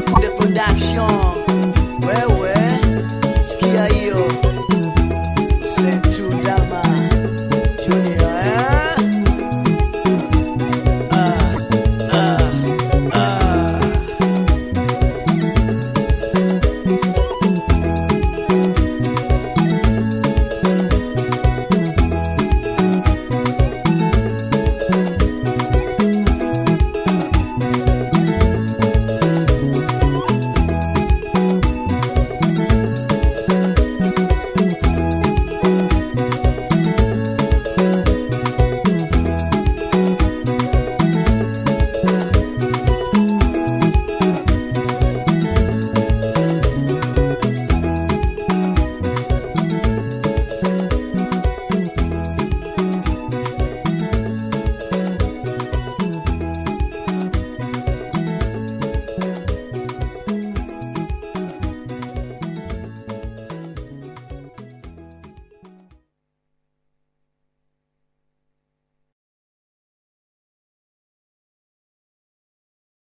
the production.